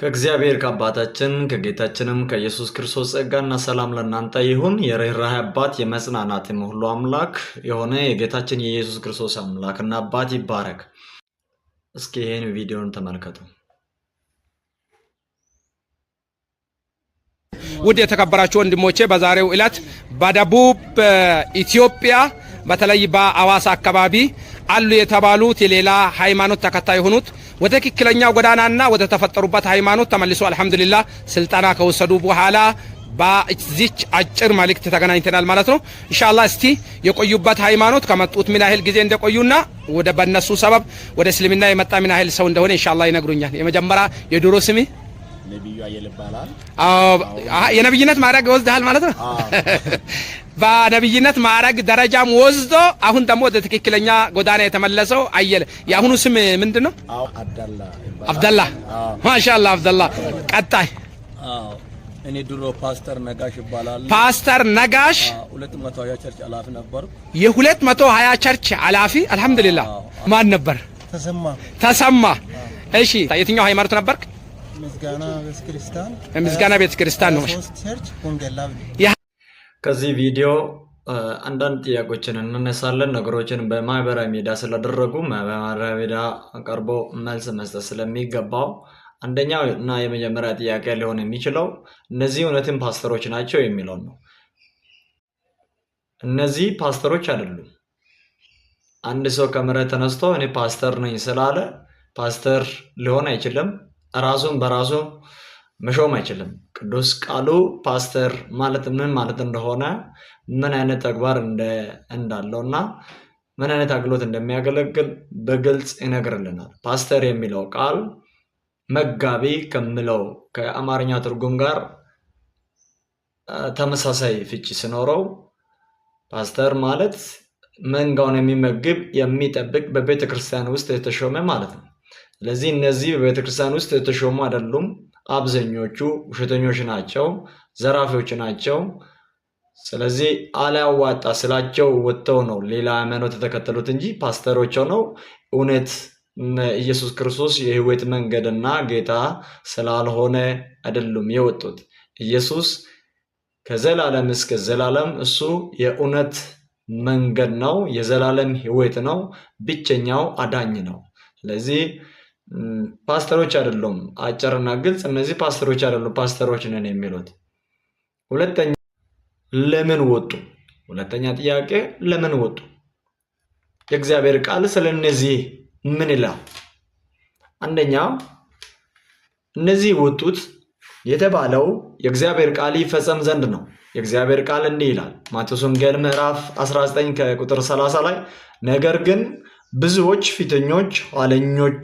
ከእግዚአብሔር ከአባታችን ከጌታችንም ከኢየሱስ ክርስቶስ ጸጋና ሰላም ለእናንተ ይሁን። የርኅራህ አባት የመጽናናትም ሁሉ አምላክ የሆነ የጌታችን የኢየሱስ ክርስቶስ አምላክና አባት ይባረክ። እስኪ ይህን ቪዲዮን ተመልከቱ። ውድ የተከበራችሁ ወንድሞቼ በዛሬው ዕለት በደቡብ ኢትዮጵያ በተለይ በአዋሳ አካባቢ አሉ የተባሉት የሌላ ሃይማኖት ተከታይ የሆኑት ወደ ትክክለኛ ጎዳናና ወደ ተፈጠሩበት ሃይማኖት ተመልሶ አልሐምዱሊላህ ስልጠና ከወሰዱ በኋላ በዚች አጭር መልእክት ተገናኝተናል ማለት ነው። ኢንሻአላህ እስቲ የቆዩበት ሃይማኖት ከመጡት ምን ያህል ጊዜ እንደቆዩና ወደ በነሱ ሰበብ ወደ እስልምና የመጣ ምን ያህል ሰው እንደሆነ ኢንሻአላህ ይነግሩኛል። የመጀመሪያ የድሮ ስሜ ነብዩ አየለ ይባላል። የነብይነት ማዕረግ ወስደሃል ማለት ነው። በነብይነት ማዕረግ ደረጃም ወስዶ አሁን ደግሞ ወደ ትክክለኛ ጎዳና የተመለሰው አየለ። የአሁኑ ስም ምንድን ነው? አብደላ። ማሻላ አብደላ። ቀጣይ እኔ ድሮ ፓስተር ነጋሽ ይባላል። ፓስተር ነጋሽ ሁለት መቶ ሀያ ቸርች ነበር። የሁለት መቶ ሀያ ቸርች ኃላፊ አልሐምዱሊላህ። ማን ነበር? ተሰማ ተሰማ። እሺ የትኛው ሃይማኖት ነበርክ? ምስጋና ቤተክርስቲያን ነው። ከዚህ ቪዲዮ አንዳንድ ጥያቄዎችን እንነሳለን። ነገሮችን በማህበራዊ ሚዲያ ስላደረጉ በማህበራዊ ሚዲያ ቀርቦ መልስ መስጠት ስለሚገባው አንደኛው እና የመጀመሪያ ጥያቄ ሊሆን የሚችለው እነዚህ እውነትም ፓስተሮች ናቸው የሚለው ነው። እነዚህ ፓስተሮች አይደሉም። አንድ ሰው ከመሬት ተነስቶ እኔ ፓስተር ነኝ ስላለ ፓስተር ሊሆን አይችልም። ራሱን በራሱ መሾም አይችልም። ቅዱስ ቃሉ ፓስተር ማለት ምን ማለት እንደሆነ ምን አይነት ተግባር እንዳለው እና ምን አይነት አገልግሎት እንደሚያገለግል በግልጽ ይነግርልናል። ፓስተር የሚለው ቃል መጋቢ ከሚለው ከአማርኛ ትርጉም ጋር ተመሳሳይ ፍቺ ሲኖረው ፓስተር ማለት መንጋውን የሚመግብ የሚጠብቅ፣ በቤተ ክርስቲያን ውስጥ የተሾመ ማለት ነው። ስለዚህ እነዚህ በቤተክርስቲያን ውስጥ የተሾሙ አይደሉም። አብዛኞቹ ውሸተኞች ናቸው፣ ዘራፊዎች ናቸው። ስለዚህ አላያዋጣ ስላቸው ወጥተው ነው ሌላ ሃይማኖት የተከተሉት እንጂ ፓስተሮቸው ነው እውነት ኢየሱስ ክርስቶስ የህይወት መንገድና ጌታ ስላልሆነ አይደሉም የወጡት። ኢየሱስ ከዘላለም እስከ ዘላለም እሱ የእውነት መንገድ ነው፣ የዘላለም ህይወት ነው፣ ብቸኛው አዳኝ ነው። ስለዚህ ፓስተሮች አይደሉም። አጭርና ግልጽ እነዚህ ፓስተሮች አይደሉም፣ ፓስተሮች ነን የሚሉት። ሁለተኛ ለምን ወጡ? ሁለተኛ ጥያቄ ለምን ወጡ? የእግዚአብሔር ቃል ስለ እነዚህ ምን ይላል? አንደኛ እነዚህ ወጡት የተባለው የእግዚአብሔር ቃል ይፈጸም ዘንድ ነው። የእግዚአብሔር ቃል እንዲህ ይላል ማቴዎስ ወንጌል ምዕራፍ 19 ከቁጥር 30 ላይ ነገር ግን ብዙዎች ፊተኞች ኋለኞች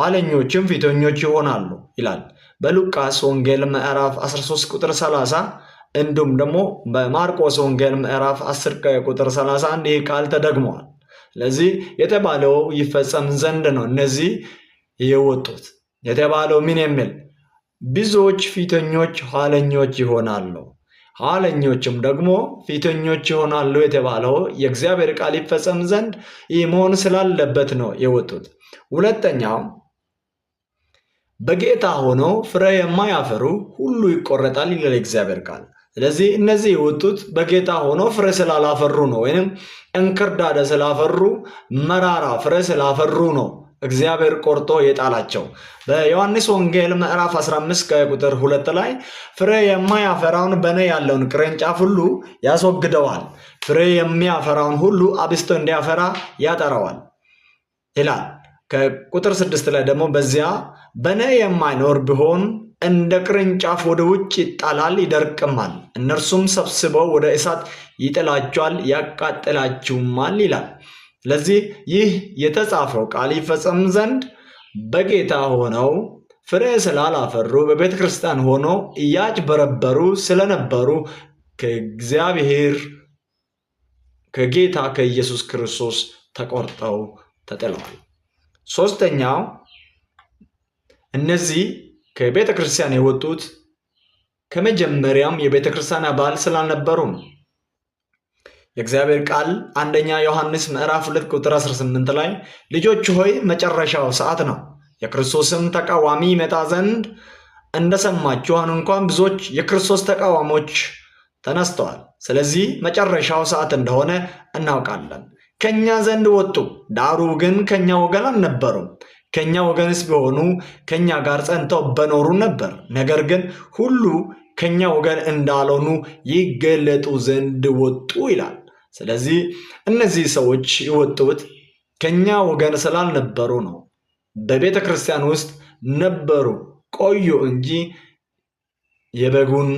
ኋለኞችም ፊተኞች ይሆናሉ ይላል በሉቃስ ወንጌል ምዕራፍ 13 ቁጥር 30 እንዲሁም ደግሞ በማርቆስ ወንጌል ምዕራፍ 10 ቁጥር 31 ይህ ቃል ተደግመዋል። ስለዚህ የተባለው ይፈጸም ዘንድ ነው እነዚህ የወጡት። የተባለው ምን የሚል ብዙዎች ፊተኞች ኋለኞች ይሆናሉ፣ ኋለኞችም ደግሞ ፊተኞች ይሆናሉ የተባለው የእግዚአብሔር ቃል ይፈጸም ዘንድ ይህ መሆን ስላለበት ነው የወጡት። ሁለተኛው በጌታ ሆነው ፍሬ የማያፈሩ ሁሉ ይቆረጣል ይላል እግዚአብሔር ቃል። ስለዚህ እነዚህ የወጡት በጌታ ሆኖ ፍሬ ስላላፈሩ ነው፣ ወይም እንክርዳደ ስላፈሩ መራራ ፍሬ ስላፈሩ ነው እግዚአብሔር ቆርጦ የጣላቸው። በዮሐንስ ወንጌል ምዕራፍ 15 ከቁጥር ሁለት ላይ ፍሬ የማያፈራውን በእኔ ያለውን ቅርንጫፍ ሁሉ ያስወግደዋል፣ ፍሬ የሚያፈራውን ሁሉ አብስቶ እንዲያፈራ ያጠራዋል ይላል። ከቁጥር ስድስት ላይ ደግሞ በዚያ በእኔ የማይኖር ቢሆን እንደ ቅርንጫፍ ወደ ውጭ ይጣላል ይደርቅማል፣ እነርሱም ሰብስበው ወደ እሳት ይጥላቸዋል ያቃጥላችሁማል ይላል። ስለዚህ ይህ የተጻፈው ቃል ይፈጸም ዘንድ በጌታ ሆነው ፍሬ ስላላፈሩ በቤተ ክርስቲያን ሆኖ እያጭበረበሩ ስለነበሩ ከእግዚአብሔር ከጌታ ከኢየሱስ ክርስቶስ ተቆርጠው ተጥለዋል። ሶስተኛው እነዚህ ከቤተ ክርስቲያን የወጡት ከመጀመሪያም የቤተ ክርስቲያን አባል ስላልነበሩ ነው። የእግዚአብሔር ቃል አንደኛ ዮሐንስ ምዕራፍ 2 ቁጥር 18 ላይ ልጆች ሆይ መጨረሻው ሰዓት ነው፣ የክርስቶስም ተቃዋሚ ይመጣ ዘንድ እንደሰማችሁ አሁን እንኳን ብዙዎች የክርስቶስ ተቃዋሞች ተነስተዋል። ስለዚህ መጨረሻው ሰዓት እንደሆነ እናውቃለን። ከእኛ ዘንድ ወጡ፣ ዳሩ ግን ከእኛ ወገን አልነበሩም። ከእኛ ወገንስ ቢሆኑ ከእኛ ጋር ጸንተው በኖሩ ነበር። ነገር ግን ሁሉ ከእኛ ወገን እንዳልሆኑ ይገለጡ ዘንድ ወጡ ይላል። ስለዚህ እነዚህ ሰዎች የወጡት ከእኛ ወገን ስላልነበሩ ነው። በቤተ ክርስቲያን ውስጥ ነበሩ፣ ቆዩ እንጂ የበጉን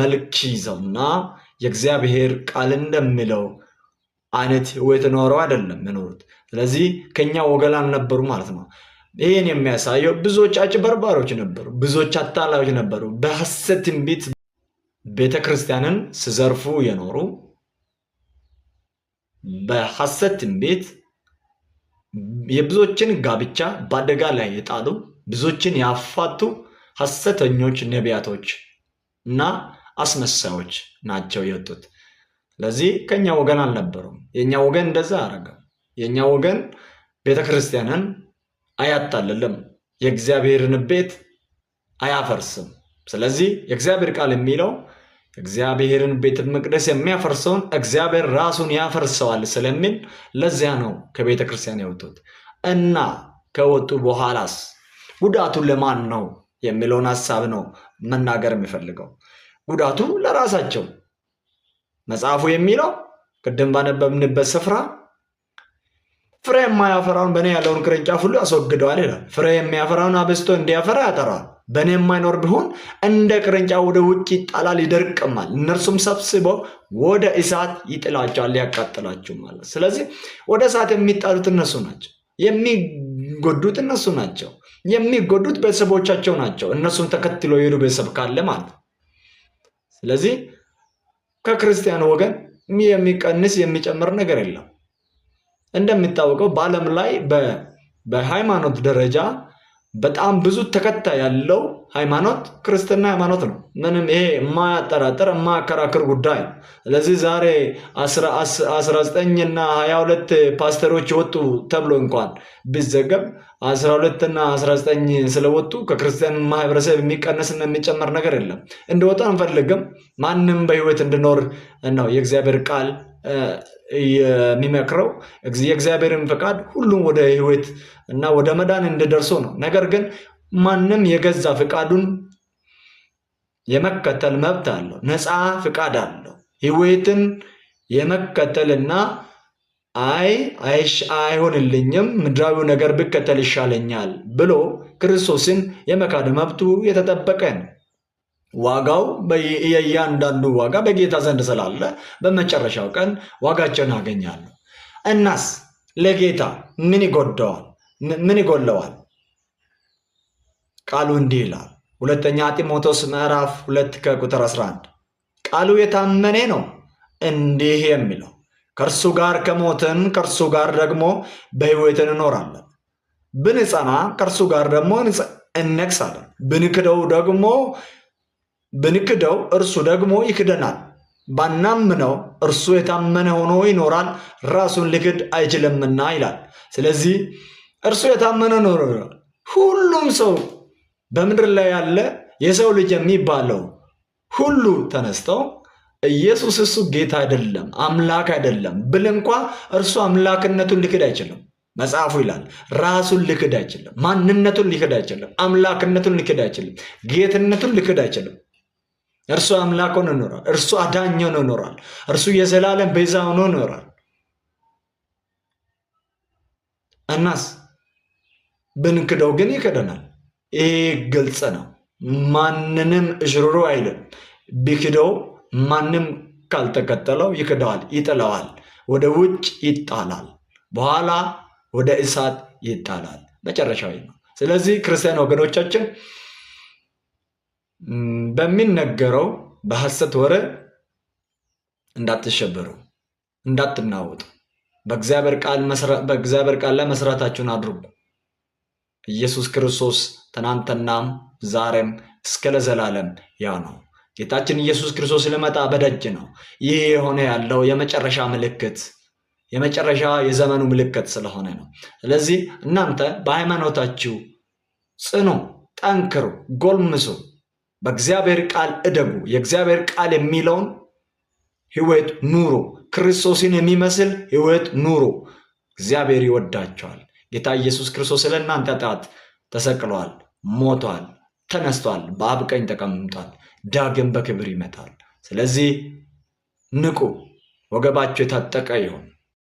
መልክ ይዘውና የእግዚአብሔር ቃል እንደሚለው አይነት ህይወት ኖረው አይደለም የኖሩት። ስለዚህ ከኛ ወገን አልነበሩ ማለት ነው። ይህን የሚያሳየው ብዙዎች አጭበርባሪዎች ነበሩ፣ ብዙዎች አታላዮች ነበሩ። በሐሰት ትንቢት ቤተ ክርስቲያንን ሲዘርፉ የኖሩ በሐሰት ትንቢት የብዙዎችን ጋብቻ በአደጋ ላይ የጣሉ ብዙዎችን ያፋቱ ሐሰተኞች ነቢያቶች እና አስመሳዮች ናቸው የወጡት። ስለዚህ ከእኛ ወገን አልነበሩም። የእኛ ወገን እንደዛ አረገ። የእኛ ወገን ቤተ ክርስቲያንን የእግዚአብሔርን ቤት አያፈርስም። ስለዚህ የእግዚአብሔር ቃል የሚለው እግዚአብሔርን ቤተ መቅደስ የሚያፈርሰውን እግዚአብሔር ራሱን ያፈርሰዋል ስለሚል ለዚያ ነው ከቤተ ክርስቲያን የወጡት። እና ከወጡ በኋላስ ጉዳቱ ለማን ነው የሚለውን ሀሳብ ነው መናገር የሚፈልገው። ጉዳቱ ለራሳቸው መጽሐፉ የሚለው ቅድም ባነበብንበት ስፍራ ፍሬ የማያፈራውን በእኔ ያለውን ቅርንጫፍ ሁሉ ያስወግደዋል ይላል። ፍሬ የሚያፈራውን አብዝቶ እንዲያፈራ ያጠራዋል። በእኔ የማይኖር ቢሆን እንደ ቅርንጫፍ ወደ ውጭ ይጣላል፣ ይደርቅማል። እነርሱም ሰብስበው ወደ እሳት ይጥላቸዋል፣ ሊያቃጥላቸው ማለት። ስለዚህ ወደ እሳት የሚጣሉት እነሱ ናቸው። የሚጎዱት እነሱ ናቸው። የሚጎዱት ቤተሰቦቻቸው ናቸው። እነሱን ተከትሎ የሄዱ ቤተሰብ ካለ ማለት ስለዚህ ከክርስቲያን ወገን የሚቀንስ የሚጨምር ነገር የለም። እንደሚታወቀው በዓለም ላይ በሃይማኖት ደረጃ በጣም ብዙ ተከታይ ያለው ሃይማኖት ክርስትና ሃይማኖት ነው። ምንም ይሄ የማያጠራጥር የማያከራክር ጉዳይ ነው። ስለዚህ ዛሬ 19 እና 22 ፓስተሮች ወጡ ተብሎ እንኳን ቢዘገብ 12 እና 19 ስለወጡ ከክርስቲያን ማህበረሰብ የሚቀነስና የሚጨመር ነገር የለም። እንደወጣ አንፈልግም። ማንም በህይወት እንዲኖር ነው የእግዚአብሔር ቃል የሚመክረው የእግዚአብሔርን ፈቃድ ሁሉም ወደ ህይወት እና ወደ መዳን እንዲደርሱ ነው። ነገር ግን ማንም የገዛ ፍቃዱን የመከተል መብት አለው። ነፃ ፍቃድ አለው። ህይወትን የመከተልና አይ አይሆንልኝም፣ ምድራዊ ነገር ብከተል ይሻለኛል ብሎ ክርስቶስን የመካድ መብቱ የተጠበቀ ነው። ዋጋው የእያንዳንዱ ዋጋ በጌታ ዘንድ ስላለ በመጨረሻው ቀን ዋጋቸውን ያገኛሉ። እናስ ለጌታ ምን ይጎደዋል? ምን ይጎለዋል? ቃሉ እንዲህ ይላል። ሁለተኛ ጢሞቴዎስ ምዕራፍ ሁለት ከቁጥር 11 ቃሉ የታመኔ ነው እንዲህ የሚለው ከእርሱ ጋር ከሞትን ከእርሱ ጋር ደግሞ በሕይወት እኖራለን። ብንጸና ከእርሱ ጋር ደግሞ እንነግሳለን። ብንክደው ደግሞ ብንክደው እርሱ ደግሞ ይክደናል። ባናምነው እርሱ የታመነ ሆኖ ይኖራል፣ ራሱን ሊክድ አይችልምና ይላል። ስለዚህ እርሱ የታመነ ኖሮ ሁሉም ሰው በምድር ላይ ያለ የሰው ልጅ የሚባለው ሁሉ ተነስተው ኢየሱስ እሱ ጌታ አይደለም አምላክ አይደለም ብል እንኳ እርሱ አምላክነቱን ሊክድ አይችልም። መጽሐፉ ይላል ራሱን ሊክድ አይችልም። ማንነቱን ሊክድ አይችልም። አምላክነቱን ሊክድ አይችልም። ጌትነቱን ሊክድ አይችልም። እርሱ አምላክ ሆኖ ኖሯል። እርሱ አዳኝ ሆኖ ኖሯል። እርሱ የዘላለም ቤዛ ሆኖ ኖሯል። እናስ ብንክደው ግን ይክደናል። ይህ ግልጽ ነው። ማንንም እሽሩሩ አይልም። ቢክደው ማንም ካልተከተለው ይክደዋል፣ ይጥለዋል፣ ወደ ውጭ ይጣላል፣ በኋላ ወደ እሳት ይጣላል። መጨረሻዊ ነው። ስለዚህ ክርስቲያን ወገኖቻችን በሚነገረው በሐሰት ወሬ እንዳትሸበሩ እንዳትናወጡ በእግዚአብሔር ቃል ላይ አድርጉ። ኢየሱስ ክርስቶስ ትናንትናም ዛሬም እስከ ለዘላለም ያው ነው። ጌታችን ኢየሱስ ክርስቶስ ሊመጣ በደጅ ነው። ይህ የሆነ ያለው የመጨረሻ ምልክት የመጨረሻ የዘመኑ ምልክት ስለሆነ ነው። ስለዚህ እናንተ በሃይማኖታችሁ ጽኑ፣ ጠንክሩ፣ ጎልምሱ። በእግዚአብሔር ቃል እደጉ። የእግዚአብሔር ቃል የሚለውን ህይወት ኑሮ፣ ክርስቶስን የሚመስል ህይወት ኑሮ። እግዚአብሔር ይወዳቸዋል። ጌታ ኢየሱስ ክርስቶስ ስለ እናንተ ጣት ተሰቅሏል፣ ሞቷል፣ ተነስቷል፣ በአብ ቀኝ ተቀምጧል፣ ዳግም በክብር ይመጣል። ስለዚህ ንቁ፣ ወገባቸው የታጠቀ ይሆን።